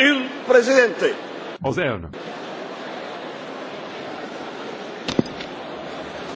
Il presidente. Az elnök.